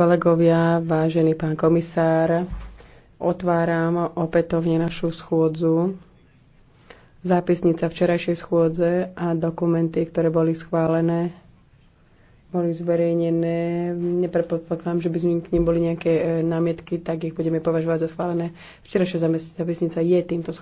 Kolegovia, vážený pán komisár, otváram opätovne našu schôdzu. Zápisnica včerajšej schôdze a dokumenty, ktoré boli schválené, boli zverejnené. Nepredpokladám, že by z nich k nim boli nejaké e, námietky, tak ich budeme považovať za schválené. Včerajšia zápisnica je týmto schválená.